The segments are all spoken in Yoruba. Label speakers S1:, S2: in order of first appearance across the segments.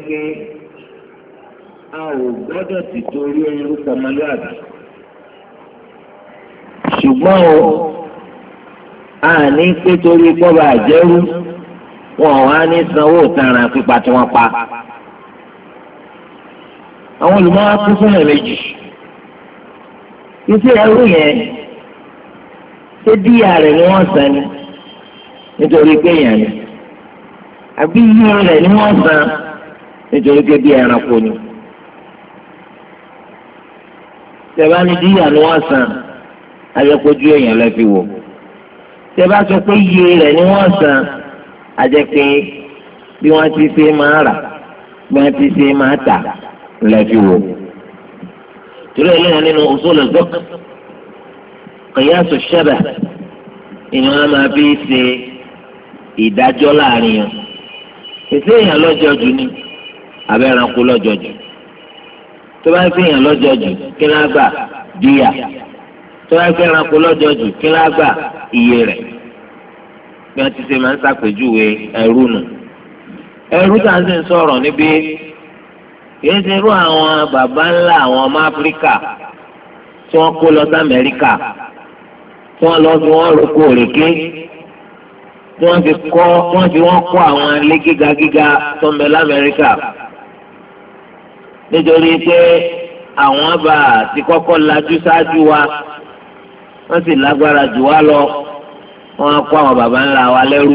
S1: pé a ò gbọ́dọ̀ ti torí ẹrú pọmọlúwàbí ṣùgbọ́n o a ní pé torí pọ́ba àjẹrú wọn ò wá ní sanwó ìtara pípa tí wọ́n pa. àwọn olùmọ̀ọ́ kú fún ẹ̀mẹ́jì iṣẹ́ ẹrú yẹn ṣé díyà rẹ̀ ni wọ́n san ni nítorí pé èèyàn ni àbí yíyan rẹ̀ ni wọ́n san nítorí pé bí ẹranko ni. tẹ̀bá ni díyà ni wọ́n san ajẹ́pọ̀jú èèyàn lẹ́ fi wò. tẹ̀bá sọ pé iye rẹ̀ ni wọ́n san ajẹ́pẹ́ bí wọ́n ti ṣe máa rà bí wọ́n ti ṣe máa tà lẹ́ fi wò. torí ẹlẹ́yìn nínú usul al-fiqh qiyas al-shabah máa fi ṣe ìdájọ́ láàrin yẹn. èsì lọ́jọ́ jù ni abẹ́ ẹranko lọ́jọ́jù tó bá fi hàn lọ́jọ́jù kí ló gbà díyà tó bá fi ẹranko lọ́jọ́jù kí ló gbà iye rẹ̀ bí wọ́n ti ṣe máa ń ṣàpèjúwe ẹrú nù ẹrú tá à ń sìn sọ̀rọ̀ níbí kìí ṣe irú àwọn baba ńlá àwọn ọmọ áfíríkà tí wọ́n kó lọ sí amẹ́ríkà tí wọ́n lọ fi wọ́n roko òrèké tí wọ́n fi kọ́ wọ́n fi wọ́n kọ́ àwọn ilé gíga gíga tó ń bẹ lamẹ́ríkà nítorí pé àwọn bá ti kọ́kọ́ lajú ṣáájú wa wọ́n sì lágbára jù wá lọ wọ́n á kó àwọn baba ńlá wa lẹ́rú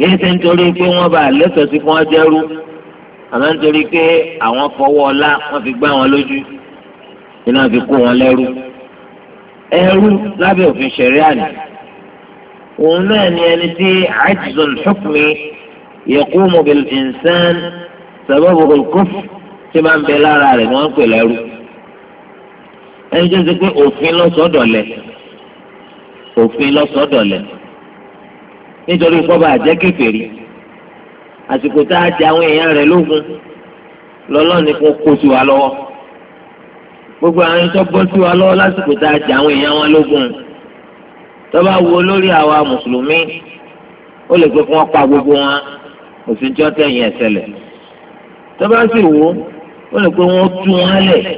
S1: yìí ṣe nítorí pé wọ́n bá lẹ́tọ̀ọ́ sí fún ọjẹ́rú àmọ́ nítorí pé àwọn fọwọ́ ọlá wọ́n fi gbá wọn lójú iná fi kó wọn lẹ́rú ẹrú lábẹ́ òfin ṣẹ̀ríà ni òun náà ni ẹni tí àjùzọ̀ lùfúnmi yẹ kó mọ̀bìlì ìnsán. Sababu olùkọ́ tí máa ń bẹ lára rẹ̀ ni wọ́n ń pè lẹ́rú ẹni tó ti pé òfin lọ́sọ̀dọ̀lẹ̀ òfin lọ́sọ̀dọ̀lẹ̀ nítorí kọ́ba àjẹ́ kékeré àsìkò tá a jẹ àwọn èèyàn rẹ̀ lógun lọ́lọ́run ni kò kó sí wa lọ́wọ́ gbogbo àwọn ẹni tó bọ́ sí wa lọ́wọ́ lásìkò tá a jẹ àwọn èèyàn wọn lógun tọ́ba wo lórí àwa mùsùlùmí ó lè pé kí wọ́n pa gbogbo wọn òfin tí wọ́n tẹ̀yìn ẹ̀sẹ̀ lẹ̀ tó bá sì wò ó ó lè pé wọ́n tú wọn lẹ̀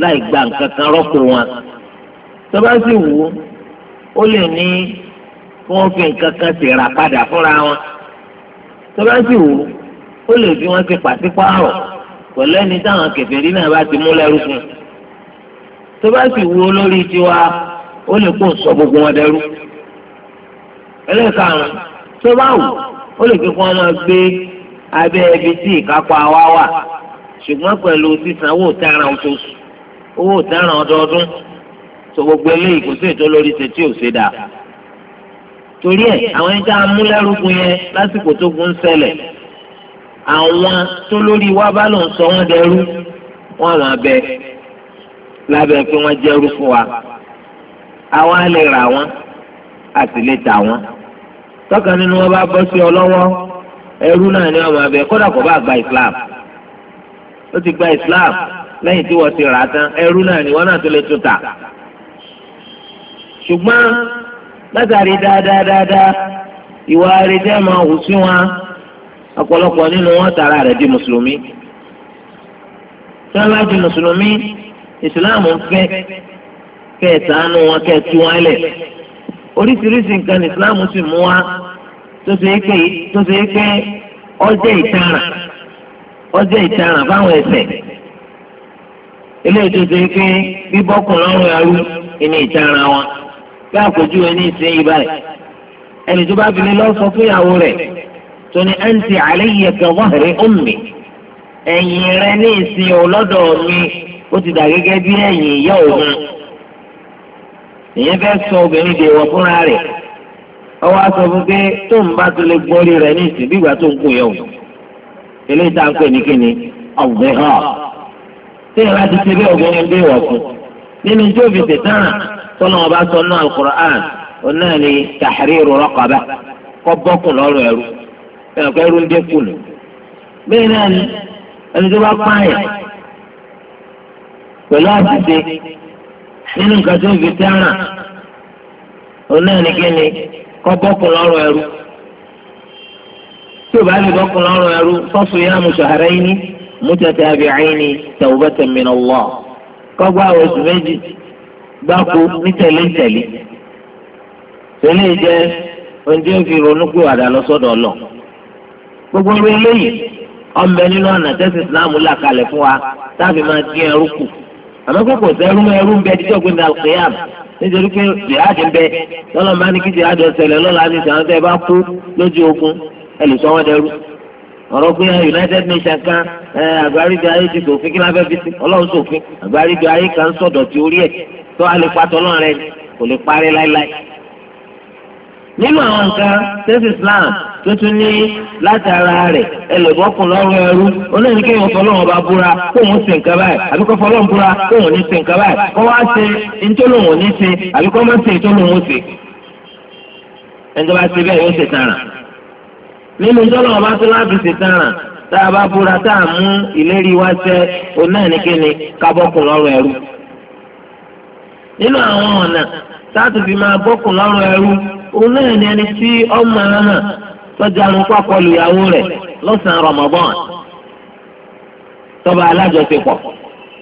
S1: láì gba nǹkan kan rọ́pò wọn tó bá sì wò ó ó lè ní kí wọ́n fi nǹkan kan sì rà padà fúnra wọn tó bá sì wò ó ó lè fi wọ́n ṣe pàṣípààrọ̀ pẹ̀lú ẹni táwọn kèfèrí náà bá ti mú lẹ́rú fún un tó sì wò ó lórí tiwa ó lè kó sọ gbogbo wọn dẹrú ẹlẹ́ẹ̀karùn-ún tó bá ó lè fi kí wọ́n máa gbé abẹ́ ibi tí ìkápá wa wà ṣùgbọ́n pẹ̀lú sísan owó tẹ́ran oṣooṣù owó tẹ́ran ọdọọdún tó gbogbo eléyìí kò sí ètò lórí ṣe tí ò ṣe dà. torí ẹ̀ àwọn ẹja amúlẹ́rùgùn yẹn lásìkò tó gun ń àwọn tó lórí wa bá lòun sọ wọ́n dẹrú wọ́n máa bẹ lábẹ́ pé wọ́n jẹ́rú fún wa àwa lè rà wọ́n a sì lè tà wọ́n tọ́ka nínú wọn bá bọ́ sí ọ lọ́wọ́. ẹrú náà ni ọmọ abẹ kódà kò bá gba islam ó ti gba islam lẹ́yìn tí wọ́n ti rà á tán ẹrú náà ni wọ́n náà tó lè tún tà ṣùgbọ́n látàrí dáadáa dáadáa ìwà àrídẹ́ máa hù sí wọn ọ̀pọ̀lọpọ̀ nínú wọn tààrà rẹ̀ di mùsùlùmí tí wọ́n bá di mùsùlùmí ìsìláàmù ń fẹ́ kẹ́ ẹ̀ ṣàánú wọn kẹ́ ẹ̀ tú wọn lẹ̀ oríṣiríṣi nǹkan ìsìláàmù sì mú wa. tó ṣe oje pé tó ṣe pé ọjọ́ ìtaràn ọjọ́ ìtaràn fáwọn ẹ̀ṣẹ̀ eléyìí tó ṣe é pé bíbọ́kùn lọ́rùn ẹrú ìní ìtaràn wọn bí àpèjúwe ní ìsinyìí báyìí ẹni tó bá fi lé lọ́sọ fún ìyàwó rẹ̀ tó ní ní ìsìn ọlọ́dọ̀ mi ó ti dà gẹ́gẹ́ bí ẹ̀yìn ìyá òun ìyẹn fẹ́ sọ obìnrin dè fúnra rẹ̀ ọwọ́ aṣọ fún pé tó ń bá tó lè gbórí rẹ̀ ní ìsìn bígbà tó ń kú yẹ̀ Agbe eléyìí tá à ń pè ní kíni ọ̀gbẹ́ tí ti ṣe bí obìnrin bí wọ̀ nínú tí òfin ṣètàn tọ́nà ọba sọ náà alukur'an ọ̀nà ni tahriru raqaba kọ́ bọ́kùn lọ́rọ̀ ẹ̀rú ń nù bẹ́ẹ̀ náà ni ẹni tó bá pẹ̀lú nínú nǹkan tó fi ọ̀nà ni kọ́ bọ́kùn lọ́rùn ẹrú tí o bá lè bọ́kùn lọ́rùn ẹrú fọ́sù yá mùsùlùmí ní mutatabi'aini tawbatan min Allah kọ́gbà oṣù méjì gbáko ní tẹ̀léńtẹ̀lé tẹ́lẹ̀ jẹ́ oúnjẹ fi ronú pé lọ gbogbo orí eléyìí nínú ọ̀nà tẹ́sí Islam là kalẹ̀ fún wa táàbì máa ẹrú kù àmọ́ sẹ́rú ẹrú ń bẹ nítorí pé jihadi ń bẹ lọ́la máa ní kí jihadi ọ̀sẹ̀lẹ̀ lọ́la ní sàn tẹ́ ẹ bá kú lójú ogun ẹ lè sọ wọ́n dẹrú ọ̀rọ̀ pé United Nations kan àgbáríjọ ayé ti ṣòfin kí n láfẹ́ fi sí ọlọ́run ṣòfin àgbáríjọ ayé kan sọ̀dọ̀ ti orí ẹ̀ tó a lè pa tọ́lọ́run rẹ kò lè parí láéláé nínú àwọn nǹkan tẹ́sí Islam tó tún ní látara rẹ̀ ẹlẹ́bọ́kùn lọ́rọ̀ ẹrú olóyìn kéèyàn ọba búra kó nǹkan báyìí àbí kó búra kó òun ní ṣe nǹkan báyìí kó wá ṣe ntólóhùn ní ṣe àbí bá ṣe bẹ́ẹ̀ yóò ọba láti ṣe tá a bá búra tá a mú ìlérí wá òun náà ni ẹni tí ọmọ ẹ̀rọ tọ́jú arúgbó akọlù ìyàwó rẹ̀ lọ́sàn-án Ramadan tọ́ba alájọṣepọ̀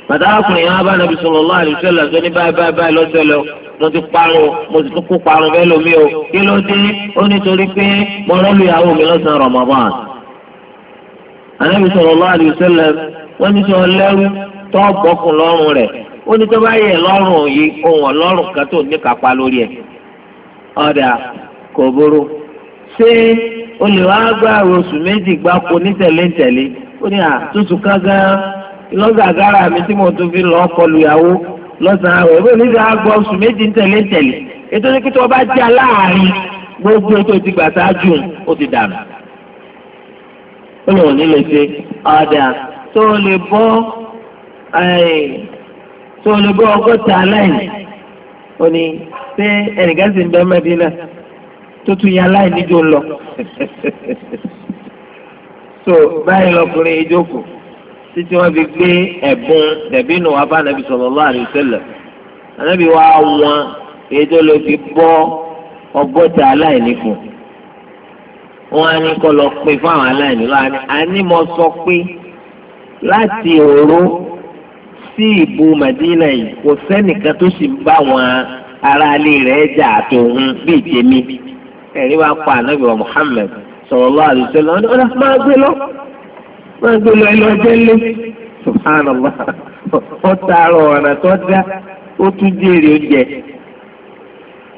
S1: pàtàkùnrin yẹn bá nàbí sallallahu alaihi wasallam tó ní báyìí báyìí báyìí lọ́sẹ̀lẹ̀ mo ti parun mo sì kó parun bẹ́ẹ̀ lómi o kí ló dé ó nítorí pé mi lọ́sàn-án wọ́n sọ lẹ́rú tọ́ lọ́rùn rẹ̀ ó ní bá yẹ lọ́rùn yìí ohun ọ̀lọ́rùn kan tó ọ̀dà kò burú ṣé o lè wá gba oṣù méjì gbáko ní tẹ̀léńtẹ̀lé ó ní àtúntò kan gan lọ́gàgàrà mi tí mo tún fi lọ́ọ́ kọlu ìyàwó lọ́sàn-án àwẹ̀ ìwé oníṣẹ́ àgbọ̀ oṣù méjì ń tẹ̀léńtẹ̀lé ètò ní kíkọ́ bá jẹ́ aláàárín gbogbo ètò ti gbà sáájú ó ti dànù. ó lóun ní lè ṣe ọ̀dà tó lè bọ́ tó lè bọ́ ọgọ́ta aláìní ó ní ṣé ẹnìkan sì ń bẹ mẹ́dínà
S2: tó tún yẹ aláìníjó lọ so
S1: báyìí lọkùnrin ìjókòó títí wọ́n fi gbé ẹ̀bùn dẹbínú wa bá anabi sallallahu alaihi wasallam anabi wa wọn èyí tó lè fi bọ́ ọgọ́ta aláìní fún wọn á ní kó lọ pín fún àwọn aláìní lọ àní mo sọ pé láti òru sí ìbú Màdínà yìí kò sẹ́nìkan tó sì ń bá wọn aráalé rẹ̀ jà àtòhun bíi tèmi ẹ̀rí wa pa ànábì wa Muhammad sallallahu alaihi wasallam ọ̀dọ́ máa gbé lọ máa gbé lọ ẹlọ jẹ́ lé subhanallah ó taarọ̀ ọ̀nà tó dá ó tún jèrè oúnjẹ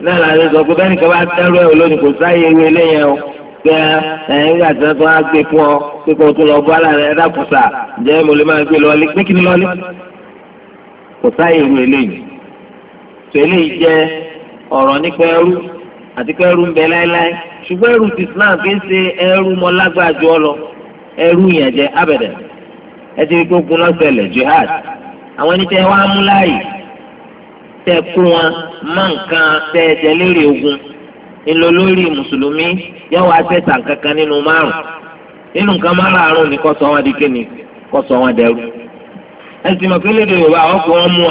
S1: náà làwọn sọ pé bẹ́ẹ̀ ni dárú ẹ̀ kò sáyé ewé lẹ́yìn o pé ẹ̀yìn á gbé fún ọ pé kò lọ bọ́ gbé pé kí ni tẹ̀lé jẹ́ ọ̀rọ̀ nípa ẹrú àti pé ẹrú ń bẹ láéláé ṣùgbọ́n ẹrú ti Islam kì í ṣe ẹrú mọ lágbára ọ lọ ẹrú yẹn jẹ abẹ̀dẹ̀ ẹ ti rí jihad àwọn ẹni wá mú láàyè wọn má nǹkan ẹ lérè ogun ńlọ lórí kankan nínú márùn nínú nǹkan márùn wọn di kéne wọn dẹrú ẹ mọ̀ pé lédè Yorùbá ọkọ̀ wọn mú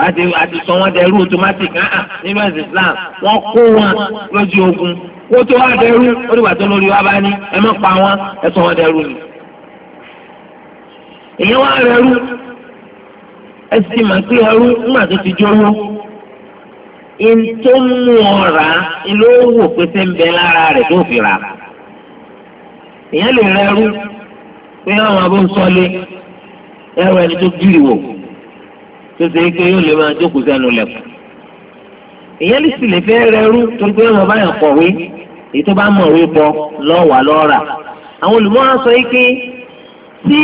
S1: àti àti sọ wọn dẹrú automatic hàn ah, ah, nínú ẹ̀sìn Islam
S2: wọ́n kó wọn
S1: lójú ogun kó tó wá dẹrú ó dìgbà tó lórí wa bá ní ẹ má pa wọn ẹ sọ wọn dẹrú ni. èyí wá rẹrú ẹ sì máa pé ẹrú nígbà tó ti jówó ntó mú ọ rà ló wò pé sẹ́ ń bẹ lára rẹ̀ tó fi rà. èèyàn lè rẹrú pé àwọn abó ń sọlé ẹrù ẹni tó gírì wò tó ṣe é pé yóò lè máa jókòó sẹ́nu lẹ̀kùn èyàn lè sì lè fẹ́ rẹrú torí pé wọn bá yàn kọ̀wé èyí tó bá mọ̀wé bọ lọ́wà lọ́ra àwọn olùmọ̀ràn sọ yìí pé tí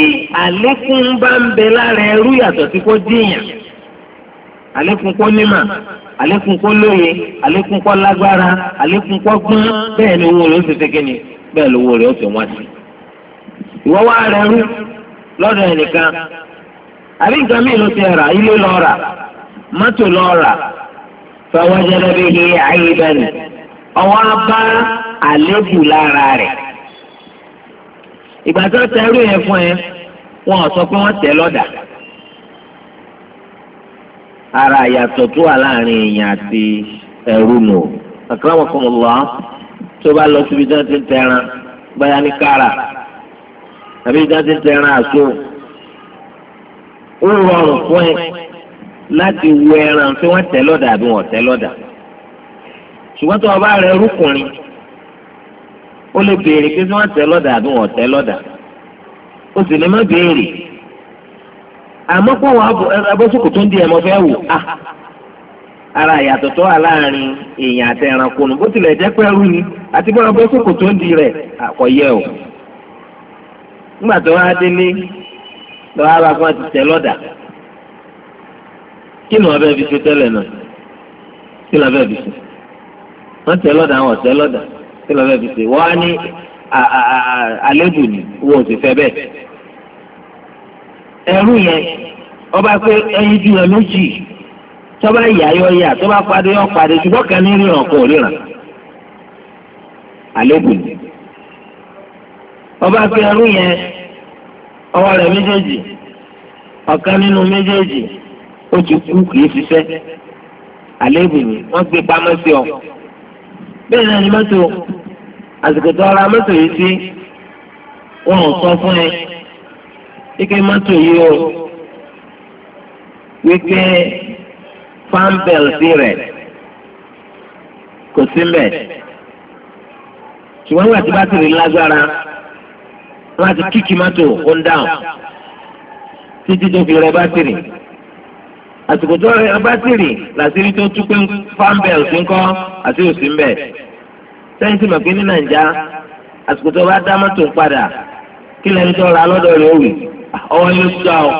S1: àlékún bá ń bẹ lára ẹrú yàtọ̀ sí kó díyàn àlékún kó nímà àlékún kó lóye àlékún kó lágbára àlékún kó gbọ́n bẹ́ẹ̀ ni owó rẹ̀ ó ti ṣe kí ni bẹ́ẹ̀ lówó rẹ̀ ó ti wọ́n sí. ìwọ́ wá rẹrú lọ́dọ̀ ẹnìkan àbí nǹkan míì ló ti rà ilé lọ rà mọ́tò lọ rà fọwọ́jẹ́rẹ́ bí ní àyíbẹ́ni
S2: ọwọ́ á bá àlébù lára rẹ̀
S1: ìgbà tó tẹrú yẹn fún ẹ
S2: wọn ò sọ pé wọ́n tẹ lọ́dà
S1: ara ìyàtọ̀ tó wà láàrin èèyàn àti ẹrú nù akramakumullah tó bá lọ síbi tí wọ́n ti tẹran báyà ní kára àbí tí wọ́n ti tẹran àṣọ. ó rọrùn fún ẹ láti wo ẹran tí wọ́n lọ́dà àbí wọ́n tẹ́ lọ́dà ṣùgbọ́n tí bá rẹ rúkùnrin ó lè béèrè pé tí tẹ́ lọ́dà àbí wọ́n tẹ́ lọ́dà ó sì lè má béèrè àmọ́ pọ̀ abọ́sùkù tó ń di ẹ̀mọ́ fẹ́ wò á ara ìyàtọ̀ tó wà láàrin nù bó tilẹ̀ jẹ́ ni àti abọ́sùkù tó ń di lọ́wọ́ ara kan ti tẹ̀ lọ́dà kí ni wọ́n bẹ́ẹ̀ fi ṣe tẹ́lẹ̀ náà kí ni wọ́n bẹ́ẹ̀ fi ṣe wọ́n tẹ̀ lọ́dà àwọn ọ̀tẹ̀ lọ́dà kí ni wọ́n bẹ́ẹ̀ fi ṣe wọ́n á ní àlébù ni wọ́n ò sì fẹ́ bẹ́ẹ̀. ẹrú yẹn ọba pé ẹyin ju ẹ méjì tọ́ba yà yọ yà tọ́ba padì yọ padì ṣùgbọ́n kan ní ríran kò ríran àlébù ni ọba pé ẹrú yẹn ọwọ́ rẹ̀ méjèèjì ọ̀kan nínú méjèèjì ó ti kú kìí ṣiṣẹ́ àléébù ni wọ́n gbé pamọ́ sí ọ. bẹ́ẹ̀ náà ni mọ́tò àsìkò tó ra mọ́tò yìí sí
S2: wọn ò sọ fún ẹ
S1: wípé mọ́tò yìí o wípé fáńbẹ̀lì rẹ̀ kò sí mẹ́ ṣùgbọ́n wíwà tí bá ti rí lágbára wọ́n á ti kíkì mọ́tò ó ń dáhùn títí tó fi rẹ bátìrì àsìkò tó rẹ bátìrì làṣírí tó tú pé fáńbẹ́ẹ̀lì sí ń kọ́ àti òsì ń bẹ̀ sẹ́yìn tí mọ̀ pé ní nàìjà àsìkò tó bá dá mọ́tò ń padà kí lẹ́ni tó ra lọ́dọ̀ rẹ̀ ó wì ah, ọwọ́ ló ti já ọ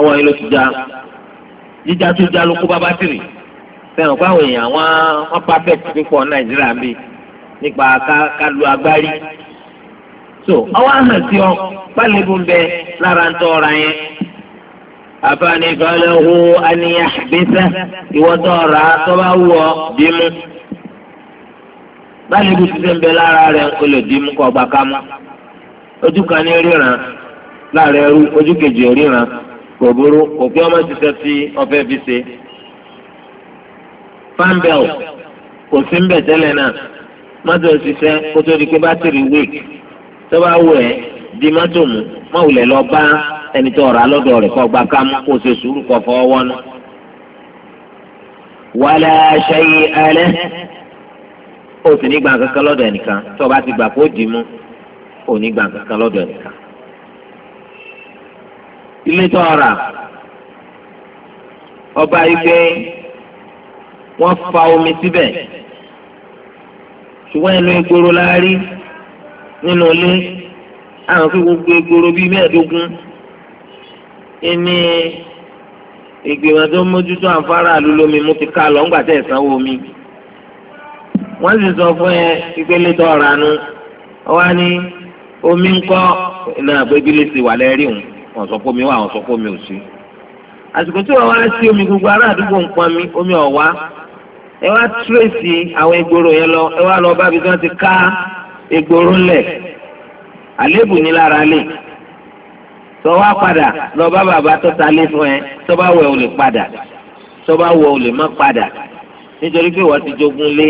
S1: ọwọ́ yín ló ti já jíjá tó já ló kó bá bátìrì fẹ́ràn pé àwọn èèyàn wọ́n wọ́n pàfẹ́tì pípọ̀ nàìjíríà ń bì nípa ká lu agbárí so ọwọ́ àmọ̀ sí ọ pálíbù ń bẹ lára ń tọ́ra yẹn. afanifalahu aniya bísẹ
S2: ìwọ tọ́ra tọ́ba wù bímú.
S1: pálíbù ti ń lára rẹ o lè bímú kọ ọgbà kámú. ojú kan ní ríran láàrẹ ẹrú ojú kejì ríran kò burú kò pé ọmọ ti sẹ́ ọfẹ́ fi fanbel kò sí ń bẹ̀ tẹ́lẹ̀ náà mọ́tò pé wíìkì. tó bá wù ẹ́ di mọ́tò mú mọ́wùlẹ̀ lọ bá ẹni tó rà lọ́dọ̀ rẹ̀ kọ́ gba kámú kó ṣe sùúrù kọ́ fọwọ́ wọnú. wàlẹ́ aṣẹ́yí alẹ́ ó sì ní gbà kankan lọ́dọ̀ ẹnìkan tó ti gbà kó dì mú ó ní gbà kankan lọ́dọ̀ ẹnìkan. ilé tó rà ọba yìí wọ́n fa omi síbẹ̀ ṣùgbọ́n ẹnu ìgboro la nínú ilé àwọn fi gbogbo egboro bíi mẹ́ẹ̀ẹ́dógún ìní ìgbìmọ̀ tó mójútó àǹfààrà àlùlómi mo ti ká lọ ńgbà tẹ̀ sanwó mi wọ́n sì sọ fún ẹ ìpele tó ọ̀rọ̀ àánú ọwọ́ ni omi ń kọ́ iná àgbégílé sí wà lẹ́rìí òun wọ́n sọ fún mi wà wọ́n sọ fún mi ò sí. àsìkò tí wọ́n wá sí omi gbogbo ará àdúgbò ń pọn mi omi ọ̀wá ẹ wá tírèsì àwọn egboro yẹn lọ ẹ wá lọ bá ibi tí wọ́n ti ká egboro lẹ̀ àlébù ní lára lè tọ́wá padà lọ́ba bàbá tó ta lé fún ẹ tọ́ba wẹ̀ ò lè padà tọ́ba wẹ̀ ò lè má padà nítorí pé wọ́n ti jogún lé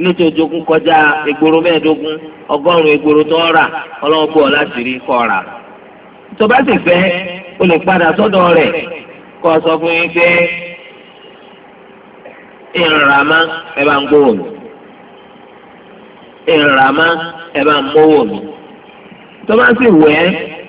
S1: ilé tó jogún kọjá egboro mẹ́ẹ̀ẹ́dógún ọgọ́rùn-ún egboro tó rà ọlọ́wọ́ bọ̀ láti rí kọ́ rà tọ́ba sì fẹ́ o lè padà sọ́dọ̀ rẹ̀ kọ́ sọ fún yín pé ìrànlá má ẹ bá ń gbóhùn
S2: ìrànmá ẹ bá mọ́wọ́ mi tó bá sì wẹ̀ ẹ́